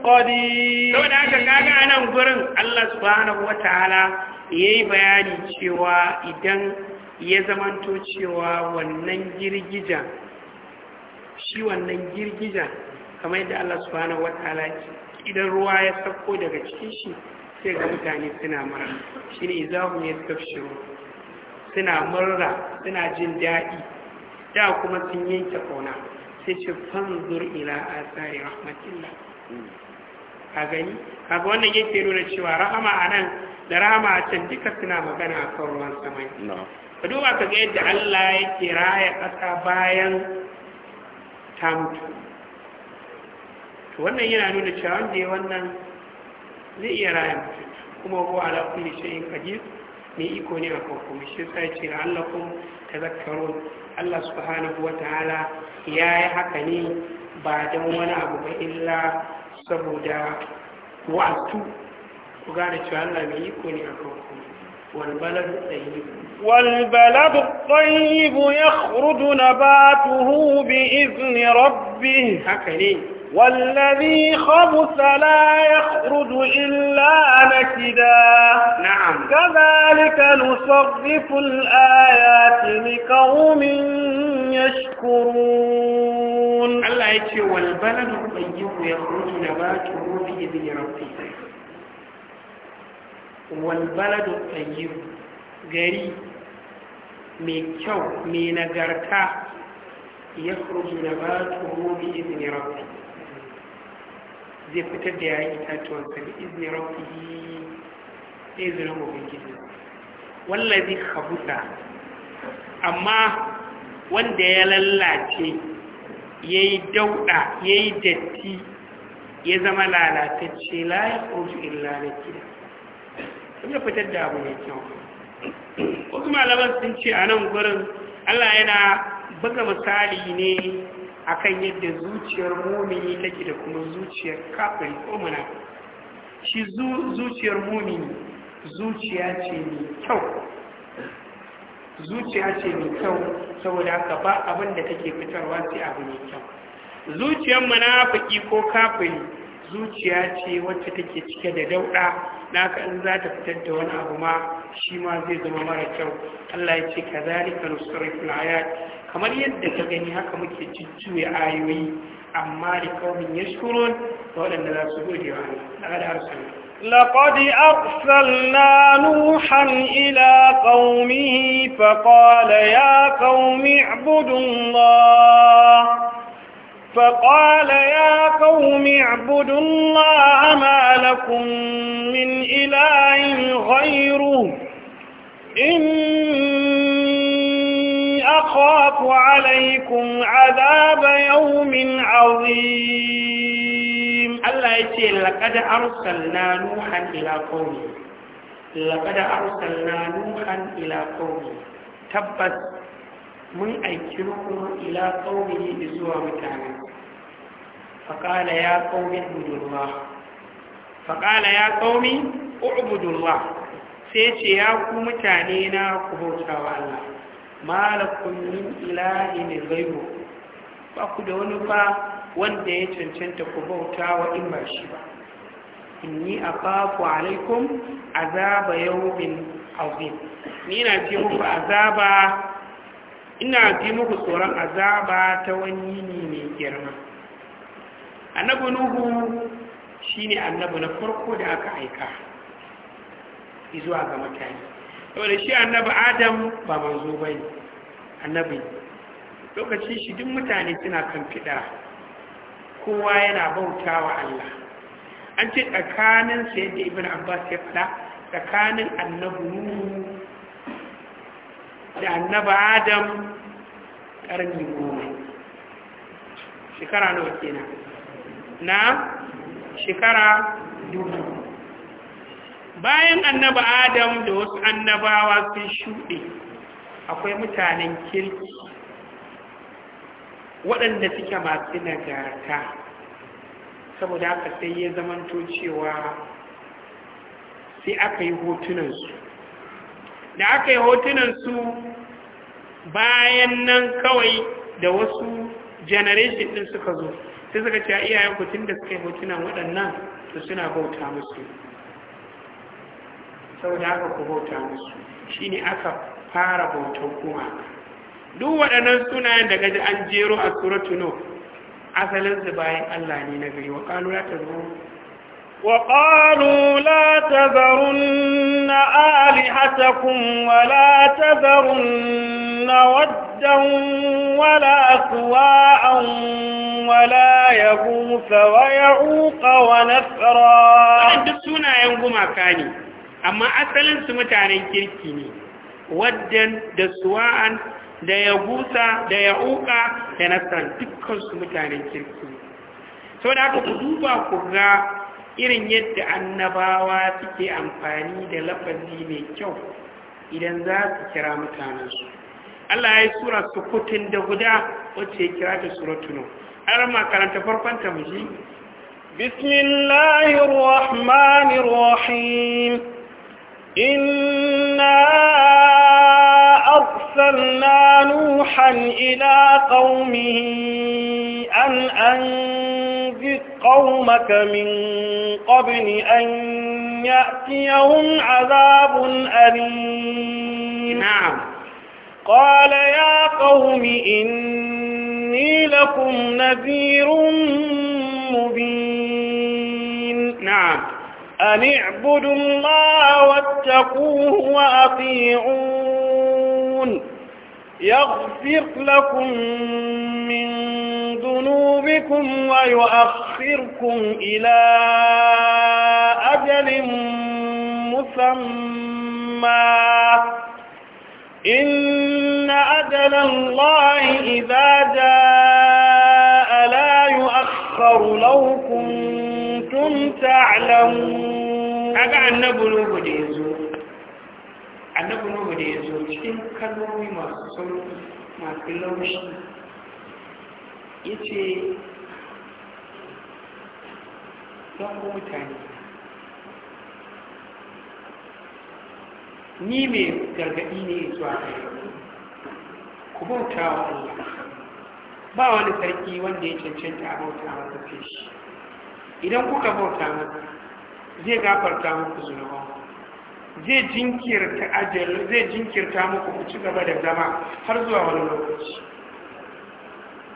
قدير to da aka kaga anan gurin Allah subhanahu wataala yayi bayani cewa idan ya zamanto cewa wannan girgija shi wannan girgija kamar yadda Allah subhanahu wataala idan ruwa ya sako daga cikin shi sai ga mutane suna murna shine izahum yastabshiru suna murna suna jin daɗi da kuma sun yanke kauna sai ce fanzur ila asari rahmatillah hmm. ka gani kaga wannan yake nuna cewa rahama a nan da rahama a can duka suna magana a kan ruwan sama ka duba ka ga yadda Allah yake raya ƙasa bayan ta mutu wannan yana nuna cewa wanda ya wannan zai iya raya mutu kuma ko ala kulli shay'in qadir mai iko ne a kan kuma shi sai ce ta tazakkarun Allah subhanahu wa ta'ala ya yi haka ne ba don wani abu ba illa saboda wa'atu ku gane cewa Allah mai iko ne a kanku والبلد الطيب والبلد الطيب يخرج نباته بإذن ربه هكذا والذي خبث لا يخرج إلا نكدا نعم كذلك نصرف الآيات لقوم يشكرون الله يتشي والبلد الطيب يخرج نباته بإذن ربه والبلد الطيب قريب من kyau من nagarta يخرج نباته بإذن ربه zai fitar da yayin itatuwan sa bi izni ne da mafi ubangiji wallazi khabuta amma wanda ya lallace dauɗa, dauda yi datti ya zama lalatacce la yakhruju illa sun kuma fitar da abu ne kyau wasu malaman sun ce a nan gurin Allah yana buga misali ne akan yadda zuciyar momini take da kuma zuciyar kafiri ko shi zuciyar mumini zuciya ce mai kyau zuciya ce mai kyau saboda haka ba abin da take fitarwa sai abu mai kyau zuciyar munafiki ko kafiri zuciya ce wacce take cike da dauɗa na haka in za ta fitar da wani abu ma shi ma zai zama mara kyau Allah ya ce ka zalika nusriful kamar yadda ka gani haka muke jujjuya ayoyi amma da kaumin yashkurun da waɗanda za su gode wa Allah da arsala لقد أرسلنا نوحا إلى قومه فقال يا قوم اعبدوا الله فقال يا قوم اعبدوا الله ما لكم من إله غيره إني أخاف عليكم عذاب يوم عظيم الله يتي لقد أرسلنا نوحا إلى قومه لقد أرسلنا نوحا إلى قومه تبت mun aiki kuma ila ƙaunihi da zuwa mutane faƙala ya ƙaunin budurwa faƙala ya ƙauni ubudullah sai ce ya ku mutane na ku bautawa Allah malakun min ilahi ne gaibu ba ku da wani ba wanda ya cancanta ku bautawa in ba shi ba inni akhafu alaikum azaba yawmin azim ni na ce muku azaba ina ji muku tsoron azaba ta wani ne mai girma annabi nuhu shine annabi na farko da aka aika zuwa ga mutane saboda shi annabi adam ba manzo bane annabi lokacin shi duk mutane suna kan fida kowa yana bauta wa Allah an ce tsakanin da ibn abbas ya fada tsakanin annabi nuhu da annaba adam ƙarni goma shekara nawa kenan na shekara dubu bayan annaba adam da wasu annabawa sun shuɗe akwai mutanen kirki waɗanda suke masu nagarta saboda haka sai ya zamanto cewa sai aka yi hotunansu da aka yi hotunansu bayan nan kawai da wasu generation ɗin suka zo sai suka ce iyayen kutun da suka yi hotunan waɗannan to suna bauta musu Sau da aka ku bauta musu shi ne aka fara bautar kuma duk waɗannan sunayen daga ji an jero a suratu asalin asalinsu bayan allah na gari wa ƙalura ta zo وقالوا لا تذرن آلهتكم ولا تذرن ودا ولا سواعا ولا يغوث ويعوق ونفرا وعند سنة ينقم أكاني أما أسلا سمت عن الكركيني ودا دا سواعا دا يغوث دا يعوق ونفرا تكون سمت عن الكركيني سوى ذلك ku duba ku ga irin yadda annabawa suke amfani da lafazi mai kyau idan za su kira mutanensu Allah ya yi sura sukutun da guda wacce ya kira ta suratunu an makaranta farkon ta muji أرسلنا نوحا إلى قومه أن أنذر قومك من قبل أن يأتيهم عذاب أليم نعم قال يا قوم إني لكم نذير مبين نعم أن اعبدوا الله واتقوه وأطيعوه تشركون يغفر لكم من ذنوبكم ويؤخركم إلى أجل مسمى إن أجل الله إذا جاء لا يؤخر لو كنتم تعلمون أقع النبلوغ annabi nuhu da ya zo cikin kalmomi masu sauki masu laushi ya ce don mutane ni mai gargaɗi ne zuwa gare ku bauta wa Allah ba wani sarki wanda ya cancanta a bauta masa shi idan kuka bauta masa zai gafarta muku zunubanku zai jinkirta ajal zai jinkirta muku ku ci gaba da zama har zuwa wani lokaci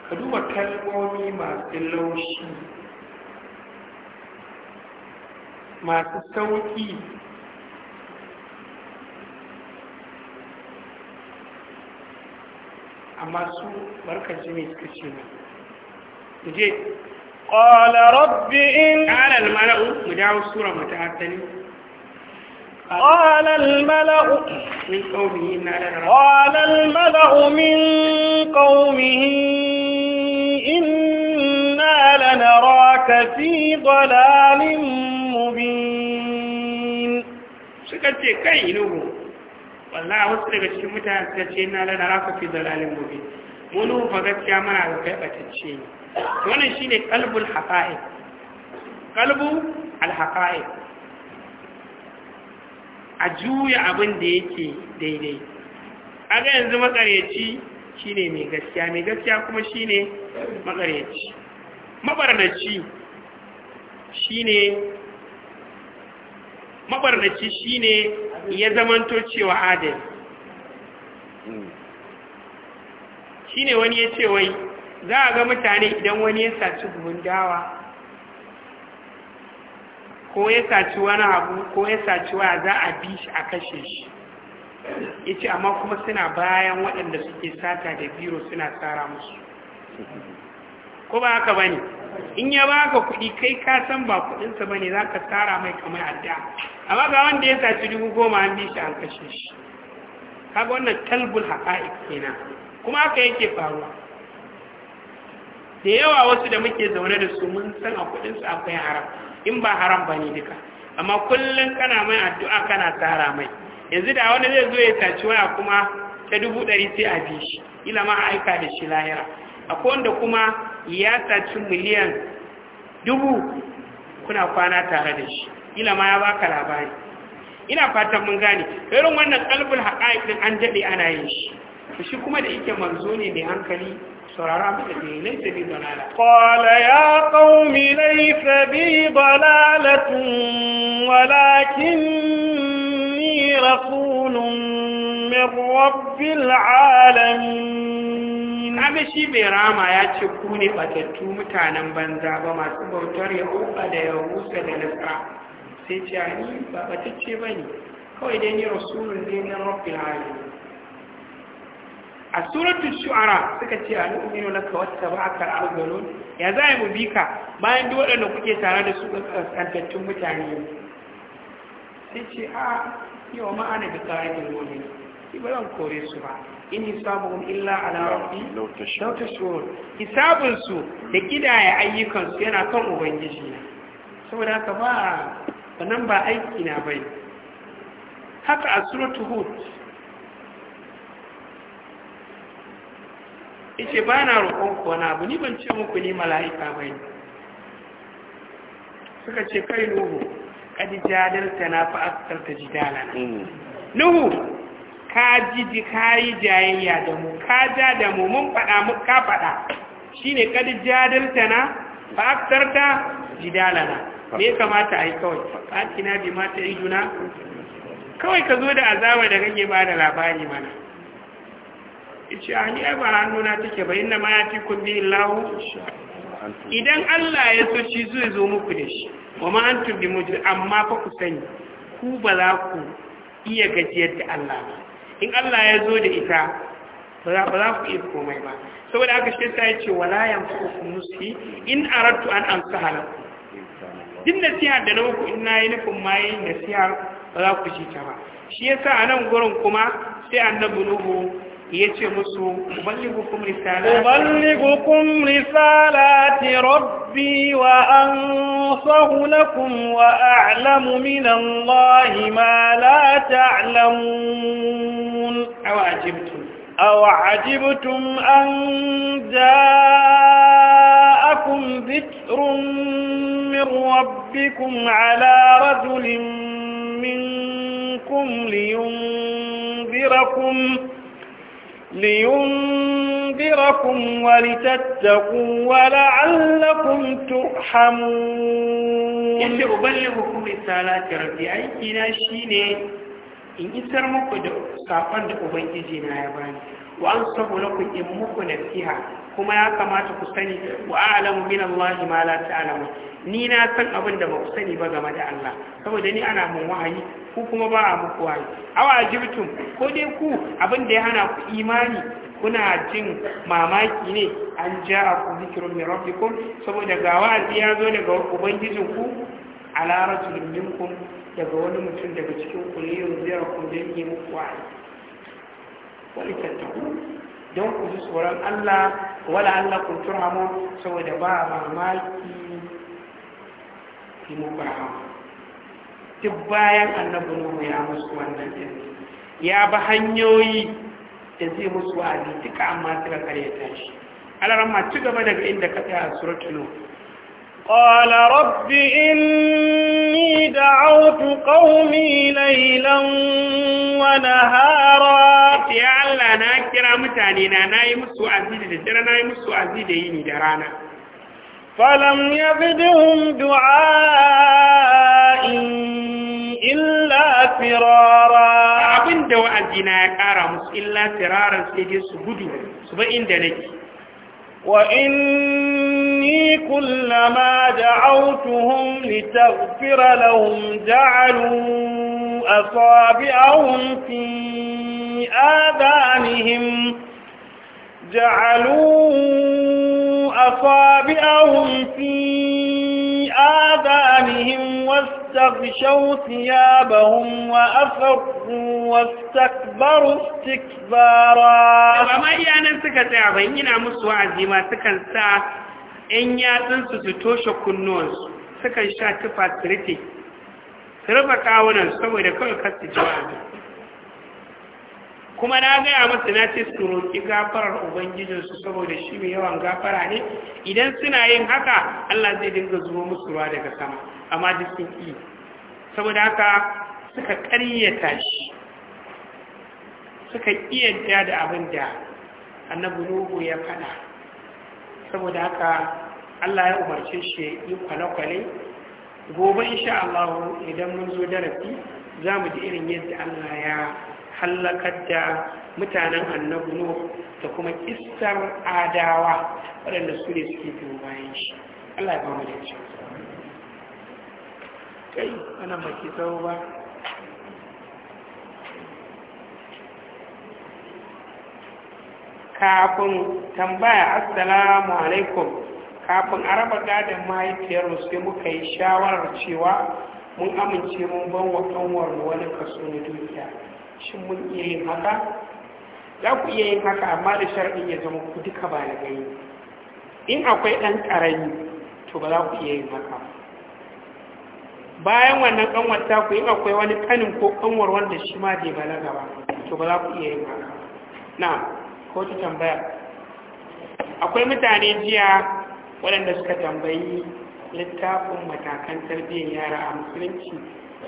ka duba kalmomi masu laushi masu sauƙi amma su barkanci ne suka ce mu je ƙwala rabbi in ƙalar mara'u mu dawo sura mata asali قال الملأ قال الملأ من قومه إنا لنراك في ضلال مبين سكتي كينو والله أسرق الشمتة سكتينا لنراك في ضلال مبين ولو فقط كامنا على كيبة الشين وانا شيني قلب الحقائق قلب الحقائق a juya abin da yake daidai A ga yanzu makareci ne mai gaskiya mai gaskiya kuma shi ne makareci mabarnaci ne mabarnaci ne ya zamanto cewa adal ne wani ya ce wai za a ga mutane idan wani ya saci gumin dawa ko ya saci wani abu ko ya saci wa za a bi shi a kashe shi ya ce amma kuma suna bayan waɗanda suke sata da biro suna tsara musu ko ba haka ba ne in ya ba ka kuɗi kai ka san ba kuɗinsa ba ne za ka tsara mai kamar adda amma ga wanda ya saci dubu goma an bi shi an kashe shi kaga wannan talbul haƙa kenan kuma haka yake faruwa da yawa wasu da muke zaune da su mun san a kuɗinsu akwai haram in ba haram ba ne duka amma kullum kana mai addu'a kana tsara mai yanzu da wani zai zo ya taci waya kuma ta dubu ɗari sai a bi shi ila ma a aika da shi lahira akwai wanda kuma ya taci miliyan dubu kuna kwana tare da shi ila ma ya baka labari ina fatan mun gane irin wannan kalbul haƙa'iƙin an daɗe ana yin shi shi kuma da yake manzo ne mai hankali saurara masa ne laisa bi dalala qala ya qaumi laisa bi dalalatun walakinni rasulun min rabbil alamin kaga shi rama ya ce ku ne batattu mutanen banza ba masu bautar yahuda da yahusa da nasara sai ce ni ba batacce bane kawai dai ni rasulun ne min rabbil alamin a suratul shu'ara suka ce a nu'minu ba a karar awwalun ya za mu bi ka bayan duk waɗanda kuke tare da su ƙasƙantattun mutane sai ce a wa ma'ana da bi qaidil mu'min shi ba zan kore su ba in hisabuhum illa ala rabbi lauta tashurun hisabun su da kidaya ayyukan su yana kan ubangiji na. saboda haka ba nan ba aiki na bai haka a hud yace ba na roƙon ku wani abu ni ban ce muku ni mala'ika ne. suka ce kai nuhu Kadi jadarta na fa aktarta na. Mm. nuhu ka ji ji yi jayayya da mu ka ja da mu mun faɗa mu ka faɗa ne kad jadarta na fa aktarta na. me kamata a yi kawai kina bi mata iduna kawai ka zo da azaba da kake ba da labari mana yace ani ah, ai ba hannuna take ba inna ma kun bi illahu idan Allah ya so shi zai zo muku da shi wa ma antum bi mujri amma fa ku sani ku ba za ku iya gajiyar da Allah ba in Allah ya zo da ita ba za ku iya komai ba saboda aka shi ta yace wala yanfukum nusi in aradtu an amsaha lakum din nasiha da na muku in nayi nufin ma yi nasiha ba za ku ji ta ba shi yasa a nan gurin kuma sai annabi nuhu yace musu uballighukum risalati uballighukum rabbi wa ansahu lakum wa a'lamu min Allahi ma la ta'lamun aw ajibtum aw ajibtum an ja'akum dhikrun min rabbikum ala rajulin minkum liyunzirakum لينذركم ولتتقوا ولعلكم ترحمون يجب أبلغكم رسالات ربي أينا شيني in isar muku da sakon da ubangiji na ya bani wa an sabu lakum in muku nasiha kuma ya kamata ku sani wa a'lamu min Allah ma la ta'lamu ni na san abin da ba ku sani ba game da Allah saboda ni ana mun wahayi ku kuma ba a muku wahayi aw ajibtum ko dai ku abin da ya hana ku imani kuna jin mamaki ne an ja'aku zikrun min rabbikum saboda ga wa'azi ya zo daga ku ala rajulin minkum daga wani mutum daga cikin ku ne yanzu ya ku dai yake muku wahayi don ku ji tsoron Allah wala Allah ku turhamu saboda ba mamaki ki mu duk bayan annabi Nuhu ya musu wannan din ya ba hanyoyi da zai musu wa'azi duka amma suka ta shi alaramma ci gaba daga inda ka tsaya suratul Nuh قال رب إني دعوت قومي ليلا ونهارا يا الله نا كرا متانينا نايم يمسو عزيزي دجرا نايم يمسو عزيزي يني درانا فلم يبدهم دعائي إلا فرارا abin دواء wa'azina ya ƙara musu illa tiraran sai dai su gudu وإني كلما دعوتهم لتغفر لهم جعلوا أصابعهم في آذانهم جعلوا أصابعهم في آذانهم واستغشوا ثيابهم وأفروا واستكبروا استكبارا وما إيانا سكتا بينا مسوى عزيما سكتا إن ياتن ستوشو كنوز سكتا شاتفا تريتي rufe آونا سوى لكل kasta jawabi kuma na gaya masa na ce su roƙi gafarar ubangijinsu saboda shi mai yawan gafara ne idan suna yin haka Allah zai dinga zuwa musu ruwa daga sama amma duk sun ƙi saboda haka suka ƙaryata shi suka ƙiyanta da abin da annabi nuhu ya faɗa saboda haka Allah ya umarce shi yi kwale-kwale gobe insha allahu idan mun zo darasi za mu ji irin yadda Allah ya hallakar da mutanen annabi da kuma kistar adawa waɗanda su ne suke biyo bayan shi Allah ya ba mu da ci kai wannan ba ki tsawo ba kafin tambaya assalamu alaikum kafin a raba gadon mahaifiyar sai muka yi shawarar cewa mun amince mun ban wa kanwar wani kaso na dukiya shin mun iya yin haka za ku iya yin haka amma da sharɗin ya zama ku duka ba da gani in akwai ɗan ƙarami to ba za ku iya yin haka bayan wannan ƙanwar ta ku in akwai wani ƙanin ko ƙanwar wanda shi ma bai balaga ba to ba za ku iya yin haka na ko ta tambaya akwai mutane jiya waɗanda suka tambayi littafin matakan tarbiyyar yara a musulunci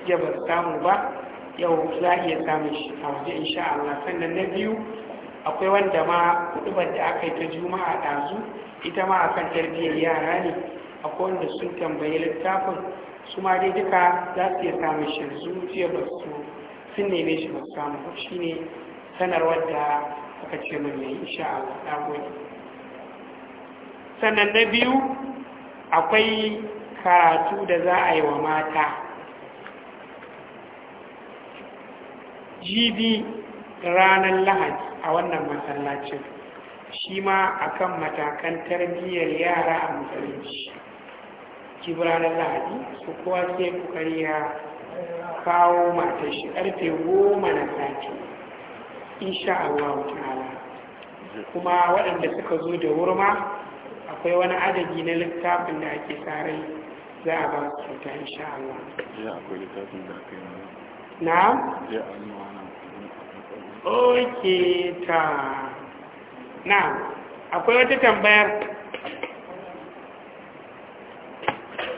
jiya ba samu ba yau za a iya samun shi a waje insha Allah sannan na biyu akwai wanda ma kudubar da aka yi ta juma'a ɗazu ita ma akan tarbiyyar yara ne akwai wanda sun tambayi littafin su ma dai duka za su iya samun shi zuciya ba su sun neme shi ba su samu shi ne sanarwar da aka ce min yayi insha Allah na gode sannan na biyu akwai karatu da za a yi wa mata jibi ranar lahadi a wannan masallacin shi ma akan matakan tarbiyyar yara a musulunci jibi ranar lahadi su kowa sai kokari ya kawo matar shi karfe goma na sati insha Allah ta'ala kuma waɗanda suka zo da wurma akwai wani adadi na littafin da ake tsarai za a ba su kyauta insha Allah. Ya da aka na? oke ta na akwai wata tambayar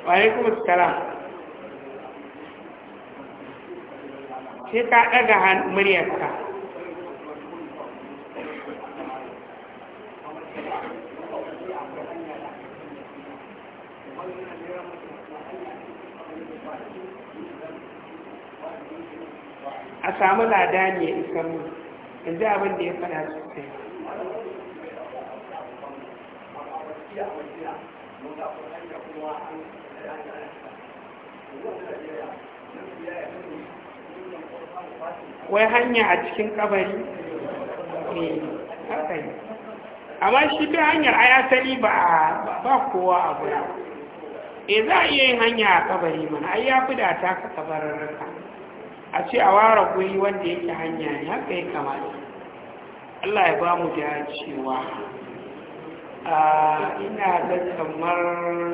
waye kuma tsara sai ka ɗaga muryarka a samu ne ya isa mu ji abin da ya fada sosai wai hanya a cikin kabari eh, ne haɗari amma shi bi hanyar ayatali ba ba kowa a ya e eh, za a iya yin hanya a kabari mana ai ya fi da ta ka kabarar a ce a ware guri wanda yake hanya ne haka ya kamata Allah ya ba mu da cewa ina da kamar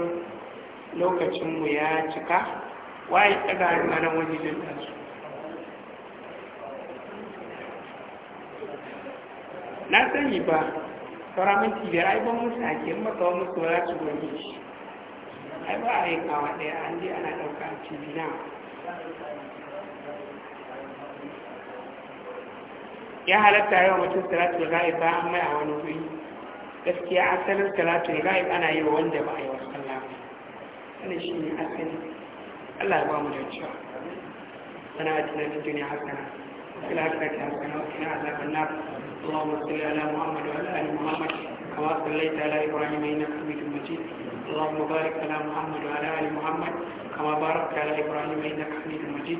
lokacinmu ya cika waye daga hannun wajen su na sani ba saura minti biyar ai ban musu ake maka wani musu ba su gobe shi ai ba a yi kawa ɗaya an ana ɗauka a na ya halatta yawa mutum salatul ghaib ba amma a wani wuri gaskiya asalin salatul ghaib ana yi wa wanda ba a yi wa sallah ba wannan shi ne asali Allah ya ba mu da cewa sana a tunanin duniya hasana fil akhirati hasana wa qina azaban nar اللهم صل على محمد وعلى ال محمد كما صليت على ابراهيم انك حميد مجيد اللهم بارك على محمد وعلى ال محمد كما باركت على ابراهيم انك حميد مجيد